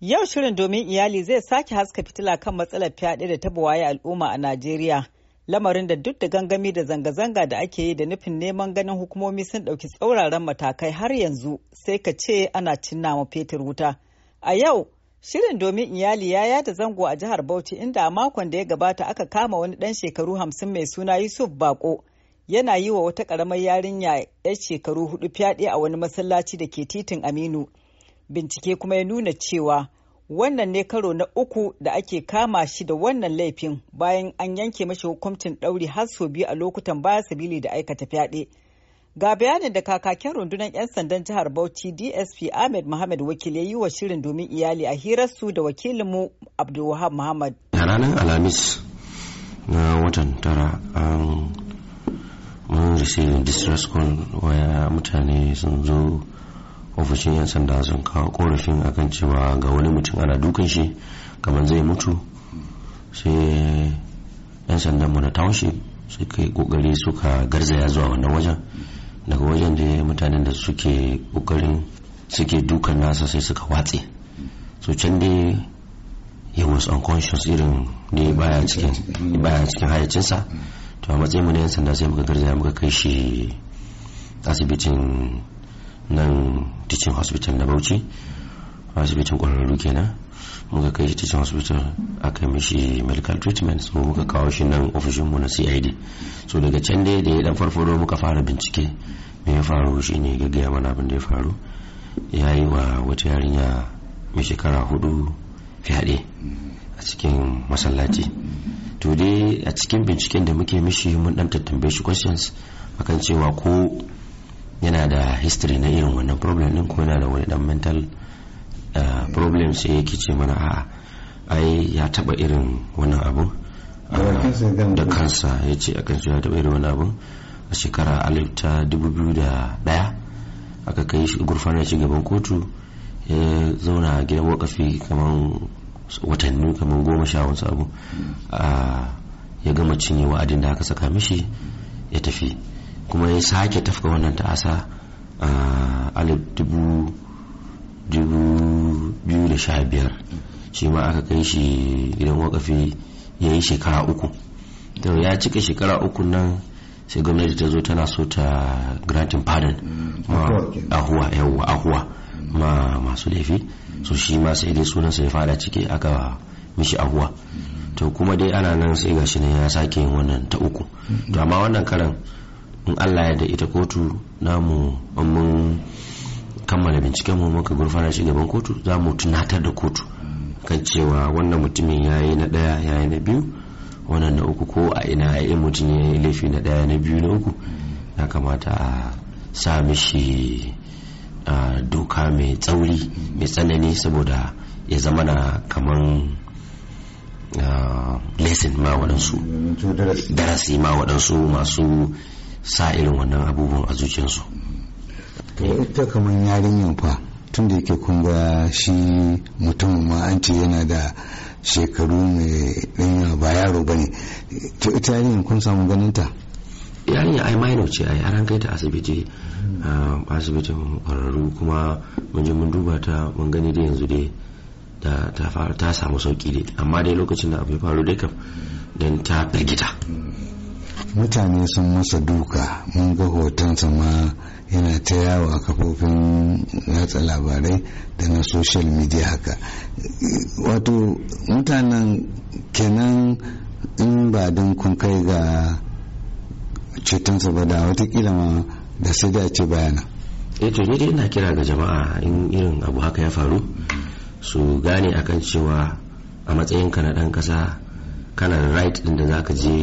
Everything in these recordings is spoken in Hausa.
Yau shirin domin iyali zai sake haska fitila kan matsalar fyaɗe da ta buwaye al'umma a Najeriya. Lamarin da duk da gangami da zanga-zanga da ake yi da nufin neman ganin hukumomi sun ɗauki tsauraran matakai har yanzu sai ka ce ana cinna ma fetur wuta. A yau, shirin domin iyali ya yada zango a jihar Bauchi inda a makon da ya gabata aka kama wani ɗan shekaru hamsin mai suna Yusuf Bako. Yana yi wa wata ƙaramar yarinya 'yar shekaru hudu fyaɗe a wani masallaci da ke titin Aminu. bincike kuma ya nuna cewa wannan ne karo na uku da ake kama shi da wannan laifin bayan an yanke mashi hukuncin ɗauri har sau biyu a lokutan baya sabili da aikata fyaɗe ga bayanin da kakakin rundunar 'yan sandan jihar bauchi dsp ahmed muhammad wakil ya yi wa shirin domin iyali a hirar su da wakilinmu abdulwahab muhammad a ranar alhamis na watan tara an mun distress call waya mutane sun zo ofishin yan sanda sun kawo korafin akan cewa ga wani mutum ana dukan shi kamar zai mutu sai yan sanda mu na township suka yi kokari suka garzaya zuwa wannan wajen daga wajen da mutanen da suke kokarin suke dukan nasa sai suka watse so can dai ya was unconscious irin da baya cikin baya cikin hayacinsa to a matsayin mu na yan sanda sai muka garzaya muka kai shi asibitin nan teaching hospital na bauchi asibitin kwararru kenan muka kai shi teaching hospital aka mishi medical treatment so muka kawo shi nan ofishin mu na cid so daga can dai da ya dan farfado muka fara bincike me ya faru shine gaggaya mana abin da ya faru ya yi wa wata yarinya mai shekara hudu fyaɗe a cikin masallaci to dai a cikin binciken da muke mishi mun dan tattambe shi questions akan cewa ko yana da history na irin wannan problem din kuma yana da wani dan mental eh, problem sai yake ce mana a ai ya taba irin wannan abu da kansa ya ce a kansa ya taba irin wannan abu a shekara alif ta 2001 aka kai gurfanar shi gaban kotu ya zauna a gidan wakafi kamar watanni kamar goma sha wasu abu ah, ya gama cinye wa'adin da aka saka mishi ya tafi kuma ya sake tafka wannan ta'asa a alif dubu biyu da sha biyar shi ma aka kai shi idan wakafi ya yi shekara uku to ya cika shekara uku nan sai gwamnati ta zo tana so ta granting pardon ahuwa yawwa ahuwa ma masu laifi mm. so shi ma sai dai sunan sai fada ciki aka mishi ahuwa mm. to kuma dai ana nan sai gashi ne ya sake yin wannan ta uku mm. to amma wannan karan in allah ya da ita kotu namu mun kammala binciken mu muka gurfana shi gaban kotu za mu tunatar da kotu kan cewa wannan mutumin ya yi na ɗaya ya yi na biyu wannan na uku ko a ina ya mutum ya yi laifi na ɗaya na biyu na uku ya kamata a sa mishi doka mai tsauri mai tsanani saboda ya zama na kaman lesson ma waɗansu darasi ma waɗansu masu sa irin wannan abubuwan a zuciyarsu ita kamar yarinyar fa tun da yake kun shi mutum ma an ce yana da shekaru mai ɗanya ba yaro ba ne to ita yarinyar kun samu ganin ta yarinya ai minor ce ai an kai ta asibiti ah, asibitin kwararru kuma mun je mun duba ta mun gani da yanzu dai da ta samu sauki dai amma dai lokacin da abu ya faru dai kam don ta firgita mutane sun masa duka mun ga hotonsa ma yana ta yawo a kafofin yatsa labarai da na social media haka wato mutanen kenan in ba don kun kai ga cetonsa ba da watakila ma da sai da ce bayana eh to ni dai ina kira ga jama'a in irin abu haka ya faru su gane akan cewa a matsayinka na dan kasa kana right din da ka je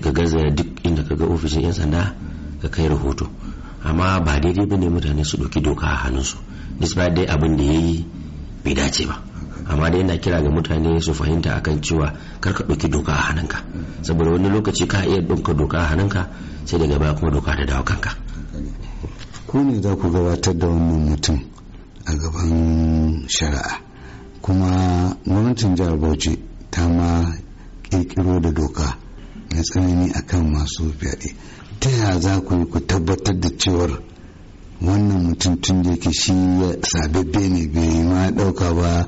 ka gaza duk inda ka ga ofishin 'yan sanda ka kai rahoto amma ba daidai ne mutane su ɗauki doka a hannunsu despite dai abin da ya yi bai dace ba amma dai yana kira ga mutane su fahimta akan cewa kar ka ɗauki doka a hannunka saboda wani lokaci ka iya ɗauka doka a hannunka sai daga baya kuma doka ta dawo kanka ku ne za ku gabatar da wannan mutum a gaban shari'a kuma gwamnatin jihar bauchi ta ma kirkiro da doka na tsanani kan masu fyaɗe ta yaya za ku yi ku tabbatar da cewar wannan mutum tun da yake shi ya sababbe ne bai ma ɗauka ba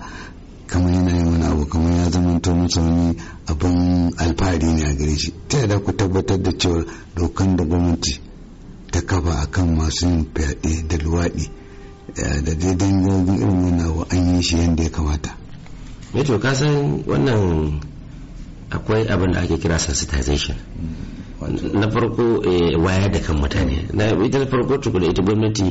kamar yana yi wani abu kamar ya zama to masa wani abin alfahari ne a gare shi ta yaya ku tabbatar da cewar dokan da gwamnati ta kafa a kan masu yin fyaɗe da luwaɗi eh, da dai dangogin irin wani abu an yi shi yadda ya kamata. Eh to ka san wannan akwai abin da ake kira sensitization na farko eh, waya da kan mutane na ita na farko tukuna ita gwamnati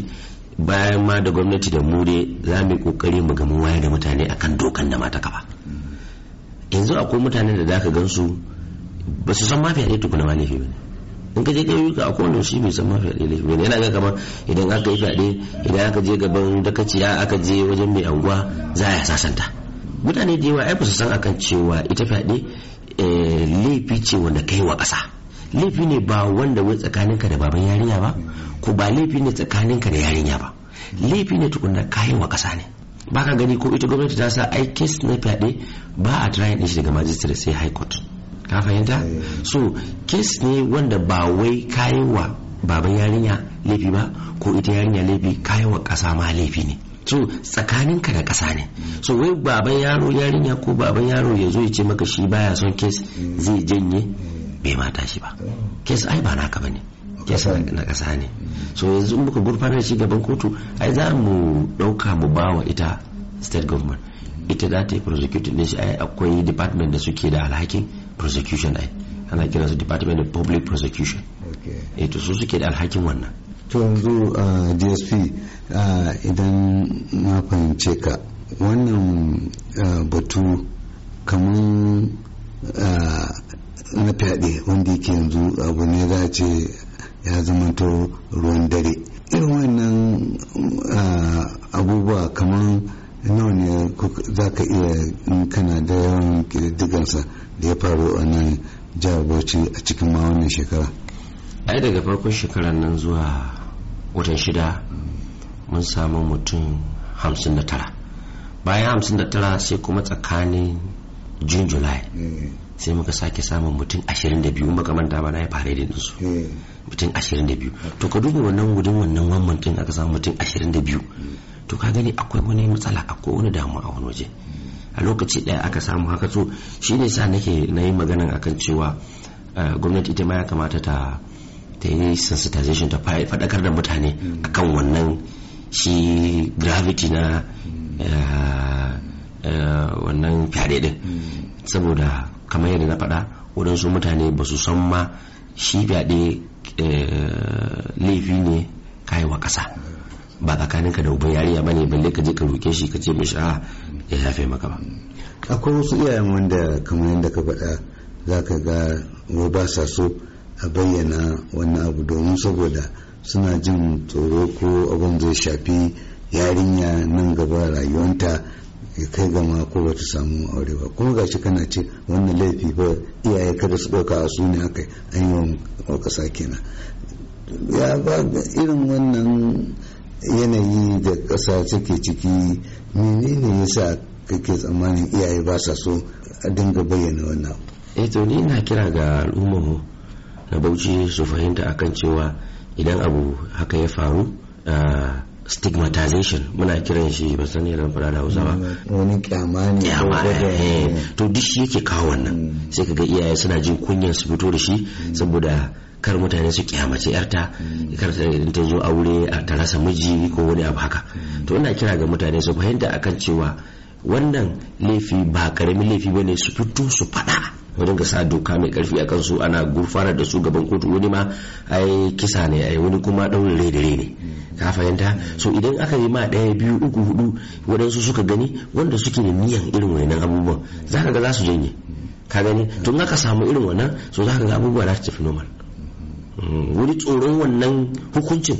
bayan ma da gwamnati da mu za mu yi kokari mu gamu waya da mutane akan dokan da mata kafa yanzu akwai mutanen da zaka gansu ba su san mafiya ɗaya tukuna ma laifi bane in ka je ka yi akwai kowane shi bai san mafiya ɗaya laifi bane yana ga kamar idan aka yi fyaɗe idan aka je gaban dakaciya aka je wajen mai anguwa za a sasanta mutane da yawa ai ba su san akan cewa ita fyaɗe Eh, laifi ce wanda kai wa ƙasa laifi ne ba wanda wai tsakaninka da baban yarinya ba ko ba laifi ne tsakaninka da yarinya ba laifi ne tukunna yi wa ƙasa ne ba ka gani ko ita gwamnati ta sa ai kes na fyaɗe ba a trying din shi daga majistare sai high court ka fahimta so kes ne wanda ba wai kayan wa baban yarinya laifi ba ko ita yarinya laifi yi wa ƙasa ma laifi ne so ka da ƙasa ne so wai baban yaro yarinya ko baban yaro ya zo ya ce maka shi baya son kes zai janye bai mata shi ba kes ai ba naka bane kes na kasa ne so yanzu muka gurfanar shi gaban kotu ai za mu ɗauka mu bawa ita state government ita za ta yi prosecuting ne shi ai akwai department da suke da alhakin prosecution ai ana su department of public prosecution okay. Eh, to su suke da alhakin wannan to yanzu a dsp idan na fahimce ka wannan batu kamar na fyaɗe wanda yake yanzu abu ne za a ce ya to ruwan dare irin wannan abubuwa kamar nawa ne za ka iya kana da yawan ƙididdigansa da ya faru a nan jihar bauchi a cikin ma wannan shekara ai daga farkon shekarar nan zuwa watan shida mun samu mutum hamsin da tara bayan hamsin da tara sai kuma tsakanin jun july sai muka sake samun mutum 22 muka manta ba na ya fara da su mutum ashirin da biyu to ka duba wannan gudun wannan wannan mutum aka samu mutum ashirin da biyu. to ka gani akwai wani matsala akwai wani damuwa a wani waje a lokaci daya aka samu haka so shi ne sa nake na yi maganan akan cewa eh, gwamnati ita ma ya kamata ta ta yi sensitization ta faɗakar da mutane akan wannan shi gravity na eh, eh, wannan fyaɗe ɗin saboda kamar yadda na faɗa waɗansu mutane ba su san ma shi fyaɗe eh, laifi ne kayawa ƙasa ba tsakaninka da ubin yariya ba ne balle ka je ka roke shi ka ce mishi a ah, ya yafe maka ba akwai wasu iyayen wanda kamar yadda ka faɗa za ka ga ba sa so a bayyana wani abu domin saboda suna jin tsoro ko abin zai shafi yarinya nan gaba rayuwanta ya kai gama ko bata samu aure ba kuma gashi kana ce wannan laifi ba iyaye kada su ɗauka a su ne aka an yi ƙasa kenan ya ba irin wannan yanayi da ƙasa take ciki menene yasa kake tsammanin iyaye ba sa so a dinga bayyana wannan abu eh ni ina kira ga al'ummar na bauchi su fahimta akan cewa idan abu haka ya faru stigmatization muna kiran shi ba san yaran fara da Hausa ba mm, wani kyama ne kyama eh, to duk shi yake kawo wannan mm. sai kaga iyaye suna jin kunyar su fito da shi mm. saboda kar mutane su kyamace yarta kar ta zo aure a ta rasa miji ko wani abu haka to ina kira ga mutane su fahimta akan cewa wannan laifi ba karamin laifi bane su fito su faɗa wajen ga sa doka mai karfi a kansu ana gurfanar da su gaban kotu wani ma ai kisa ne ai wani kuma ɗaurin rai da rai ne ka fahimta so idan aka yi ma daya biyu uku hudu waɗansu suka gani wanda suke da niyan irin wannan abubuwan za ka ga za su janye ka gani tun aka samu irin wannan so za ka ga abubuwa za su tafi normal hmm, Wani tsoron wannan hukuncin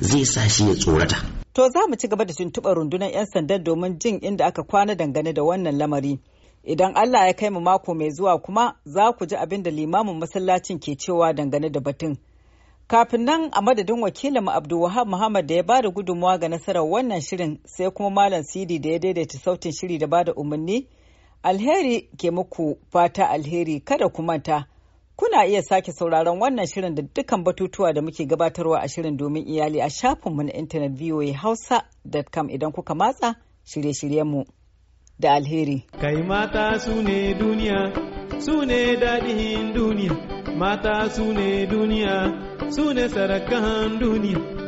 zai sa shi ya tsorata. To za mu ci gaba da tuntuɓar rundunar 'yan sandan domin jin inda aka kwana dangane da wannan lamari. Idan Allah ya kai mu mako mai zuwa kuma za ku ji abin da limamin masallacin ke cewa dangane da batun. Kafin nan a madadin wakilin mu Abdulwahab Muhammad da ya bada gudunmawa ga nasarar wannan shirin sai kuma Malam Sidi da ya daidaita sautin shiri da ba da umarni. Alheri ke muku fata alheri kada ku manta. Kuna iya sake sauraron wannan shirin da dukkan batutuwa da muke gabatarwa a shirin domin iyali a shafinmu na intanet voahausa.com idan kuka matsa shirye-shiryenmu. da alheri. Kai mata su ne duniya, su ne daɗin duniya, mata su ne duniya, su ne sarakan duniya.